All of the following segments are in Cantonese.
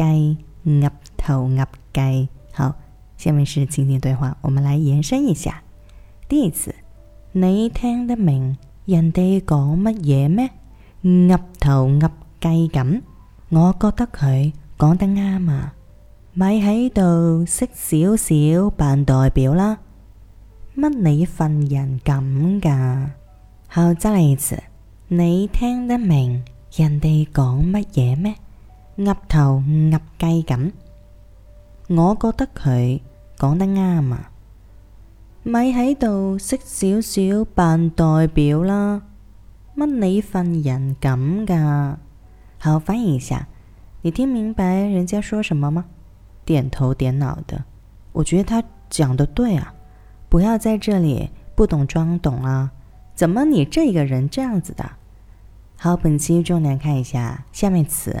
噉岌頭岌髻好，下面是情景對話，我們來延伸一下。第一次：你聽得明人哋講乜嘢咩？岌頭岌髻咁，我覺得佢講得啱啊。咪喺度識少少扮代表啦，乜你份人咁噶？好，再嚟一次：你聽得明人哋講乜嘢咩？岌頭岌髻咁，我覺得佢講得啱啊！咪喺度識少少扮代表啦，乜你份人咁噶？好，翻譯一下，你聽明白人家說什麼嗎？點頭點腦的，我覺得他講得對啊！不要在這裏不懂裝懂啊。怎麼你這個人這樣子的？好，本期重點看一下下面詞。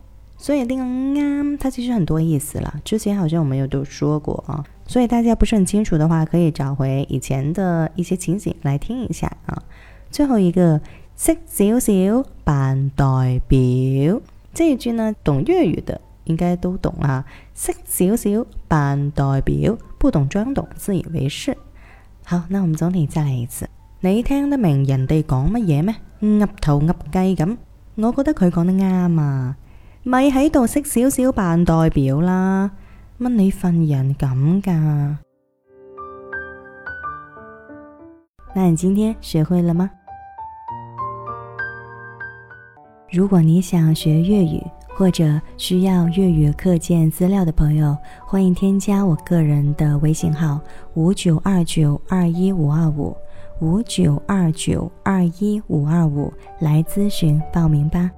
所以呢個「啱」，它其實很多意思了。之前好像我們有都說過啊，所以大家不是很清楚的話，可以找回以前的一些情景來聽一下啊。最後一個“識少少扮代表”這一句呢，懂粵語的應該都懂啊。識少少“識少少扮代表”，不懂裝懂，自以為是。好，那我們總體再來一次。你聽得明人哋講乜嘢咩？岌頭岌髻咁。我覺得佢講得啱啊。咪喺度識少少扮代表啦，乜你份人咁噶？那你今天學會了嗎？如果你想學粵語或者需要粵語課件資料的朋友，歡迎添加我個人的微信號五九二九二一五二五五九二九二一五二五來諮詢報名吧。